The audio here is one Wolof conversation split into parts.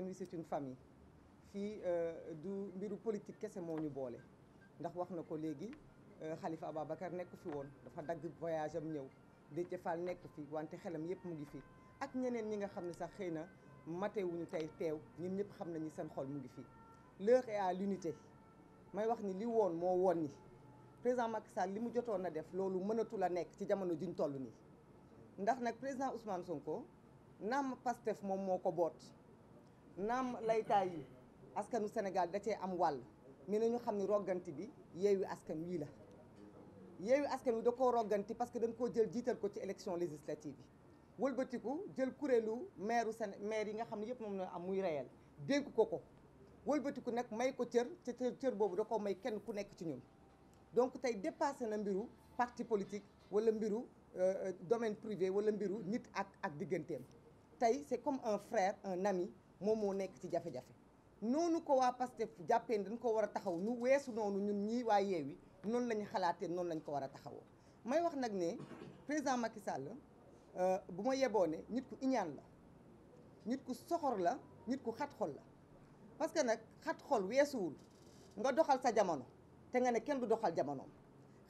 askan wi c'est une famille fii euh, du mbiru politique kese moo ñu boole ndax wax na ko léegi euh, Khalifa Ababacar nekk fi woon dafa dagg voyage am ñëw Déthié Fall nekk fi wante xelam yëpp mu ngi fi ak ñeneen ñi nga xam ne sax xëy Maté matewuñu tey teew ñun ñëpp xam nañu seen xol mu ngi fi. l'heure est à l'unité may wax ni li woon moo woon ni président Macky Sall li mu jotoon a def loolu mënatul a nekk ci jamono juñ toll ni ndax nak président Ousmane Sonko nam Pastef mom moko bot nam laytaay yi askanu Sénégal da ci am wal mi ñu xamni ne rogganti bi yeewi askan wi la yeewi askan wi da koo rogganti parce que dañ ko jël jiital ko ci élection législative wëlbeutiku jël kuréelu maire Séné maire yi nga xamni yépp mom moom am muy réel dénk ko ko wëlbeutiku nak may ko cër ca cër boobu da ko may kenn ku nekk ci ñun donc tay dépasser na mbiru parti politique wala mbiru euh, euh, domaine privé wala mbiru nit ak ak digganteem tay c'est comme un frère un ami moom moo nekk ci jafe-jafe noonu ko waa Pastef jàppee dañ ko war a taxaw ñu weesu noonu ñun ñii waa Yewwi noonu la ñu xalaatee noonu lañ ko war a taxawoo may wax nag ne président Macky Sall euh, bu ma yeboo ne nit ku iñaan la nit ku soxor la nit ku xat xol la parce que nag xat xol weesuwul nga doxal sa jamono te nga ne kenn du doxal jamonoom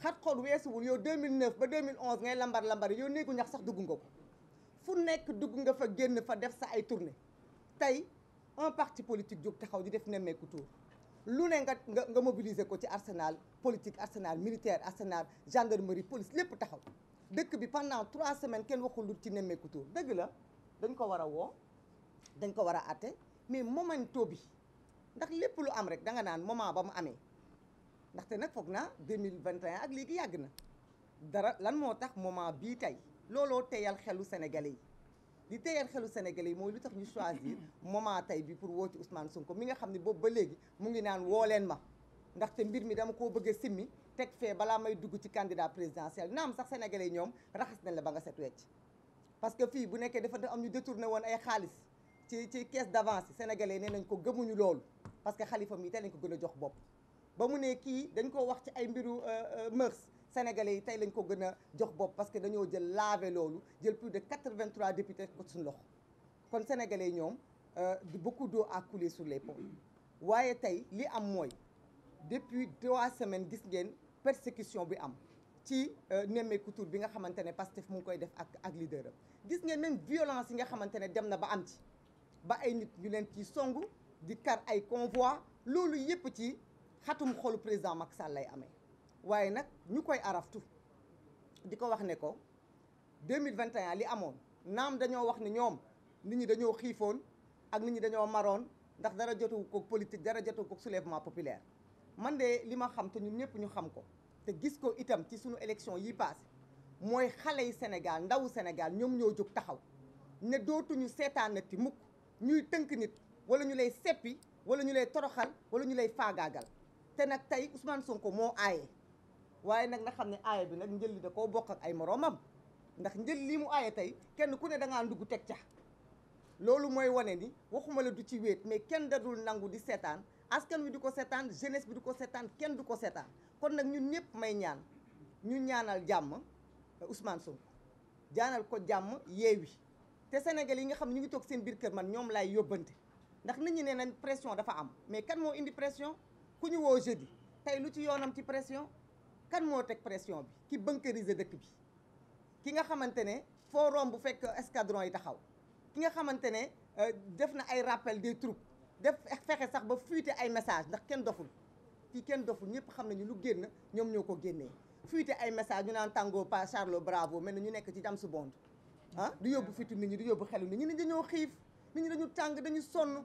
xat xol weesuwul yow 2009 ba 2011 ngay lambar lambari yow néegu ñax sax dugg nga ko fu nekk dugg nga génn fa def sa ay tournée tay un parti politique jóg taxaw di def nemeku tour lune nga nga mobiliser ko ci arsenal politique arsenal militaire arsenal gendarmerie police lepp taxaw deuk bi pendant trois semaines ken waxul lu ci nemmeeku tour deug la dañ ko wara wo woo dañ ko wara até mais momento bi ndax lepp lu am rek nga nan moment ba mu amee ndaxte nag foog naa 2021 ak légui yagna dara lan moo tax moment bi tay lolo téyal xelu sénégalais di téyeel xelu sénégalais yi mooy lu tax ñu choisir moment tey bi pour wooti Ousmane Sonko mi nga xam ne boobu ba léegi mu ngi naan woo leen ma ndaxte mbir mi dama koo bëgg a simmi teg fee balaa may dugg ci candidat présidentiel naam sax sénégalais yi ñoom raxas nañ la ba nga set wecc parce que fii bu nekkee dafa am ñu détourné woon ay xaalis ci ci caisse d'avance sénégalais nee nañ ko gëmuñu loolu parce que xalifa mi tey lañ ko gën a jox bopp ba mu ne kii dañ ko wax ci ay mbiru mœurs sénégalais tay lañ ko gëna jox bopp parce que dañoo jël lavé lolu jël plus de 83 députés ko sun loxo kon sénégalais yi ñoom euh, beaucoup d'eau a coulé sur les ponts waaye tay li am moy depuis trois semaines gis ngeen persécution bi am ci euh, némé tur bi nga xamante Pastef mu ngi koy def ak ak leader gis ngeen même violence nga xamante ne dem na ba am ci ba ay nit ñu leen ci songu di kar ay convoi lolu yépp ci xatum xolu président Macky Sall lay amé waaye nag ñu koy araftu di ko wax ne ko 2021 li amoon naam dañoo wax ni ñoom nit ñi dañoo xiifoon ak nit ñi dañoo maroon ndax dara jotu ko politique dara jotu ko soulèvement populaire man de li ma xam te ñun ñëpp ñu xam ko te gis ko itam ci suñu élection yi passé mooy xale yi Sénégal ndawu Sénégal ñoom ñoo jóg taxaw ne dootuñu seetaan seetaanati mukk ñuy tënk nit wala ñu lay seppi wala ñu lay toroxal wala ñu lay faagaagal te nag tey Ousmane Sonko moo aaye waye nak na xamné ne bi nak njël li da ko bok ak ay moromam ndax njël li mu ayé tay kenn ku ne da nga ndugu tek ca lolu moy ni waxuma la du ci wét mais kenn dul nangu di sétane askan wi di ko seetaan jeunesse bi di ko kenn du ko kon nak ñun ñepp may ñaan ñu ñaanal jamm eh, Ousmane Sonko jaanal ko jamm yewi te Sénégal yi nga xam ñu ngi tok seen bir kër man ñom lay yobante ndax nit ñi né nañ pression dafa am mais kan mo indi pression ku ñu wo jeudi tay lu ci yonam ci pression kan mo tek pression bi ki bunkériser dëkk bi ki nga xamante ne foo romb bu fekk escadron yi taxaw ki nga xamante ne euh, def na ay rappel des troupes def fexé sax ba fuite ay message ndax kenn doful fii kenn doful ñëpp xam nañu lu génn ñom ñoko ko génnee ay message ñu naan tango pa charlo Bravo mel ñu nek ci James Bond ah du yóbbu fitu nit ñi du yóbbu xelu nit ñi dañu ñi nit ñi dañu tang dañu sonn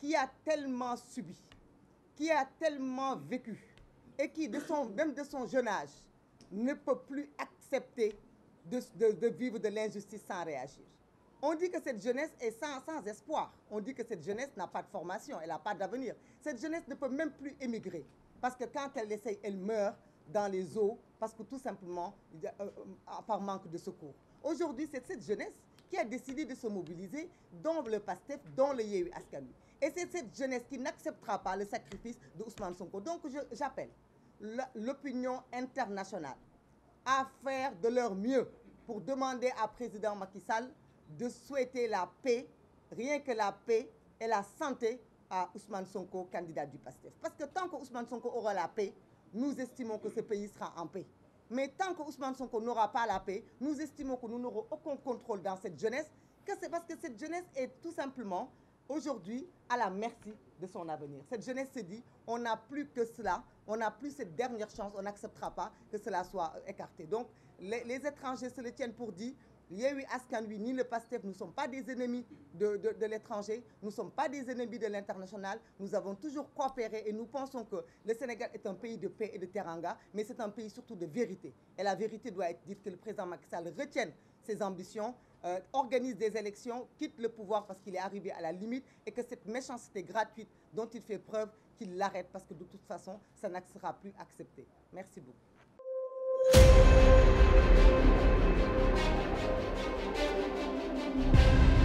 qui a tellement subi, qui a tellement vécu et qui, de son, même de son jeune âge, ne peut plus accepter de, vivre de l'injustice sans réagir. On dit que cette jeunesse est sans, espoir. On dit que cette jeunesse n'a pas de formation, elle n'a pas d'avenir. Cette jeunesse ne peut même plus émigrer parce que quand elle essaie, elle meurt dans les eaux parce que tout simplement, euh, euh, par manque de secours. Aujourd'hui, c'est cette jeunesse qui a décidé de se mobiliser dans le PASTEF, dans le Yehu Askami. Et c'est cette jeunesse qui n'acceptera pas le sacrifice d'Ousmane Sonko. Donc j'appelle l'opinion internationale à faire de leur mieux pour demander à président Macky Sall de souhaiter la paix, rien que la paix et la santé à Ousmane Sonko, candidat du PASTEF. Parce que tant que Ousmane Sonko aura la paix, nous estimons que ce pays sera en paix. Mais tant que Ousmane Sonko n'aura pas la paix, nous estimons que nous n'aurons aucun contrôle dans cette jeunesse, que c'est parce que cette jeunesse est tout simplement aujourd'hui à la merci de son avenir. Cette jeunesse se dit, on n'a plus que cela, on n'a plus cette dernière chance, on n'acceptera pas que cela soit écarté. Donc les, les étrangers se le tiennent pour dit, Yewi lui, ni le PASTEF ne sommes pas des ennemis de, l'étranger, nous ne sommes pas des ennemis de l'international, nous avons toujours coopéré et nous pensons que le Sénégal est un pays de paix et de teranga, mais c'est un pays surtout de vérité. Et la vérité doit être dite que le président Macky Sall retienne ses ambitions, euh, organise des élections, quitte le pouvoir parce qu'il est arrivé à la limite et que cette méchanceté gratuite dont il fait preuve, qu'il l'arrête parce que de toute façon, ça ne sera plus accepté. Merci beaucoup. Thank you.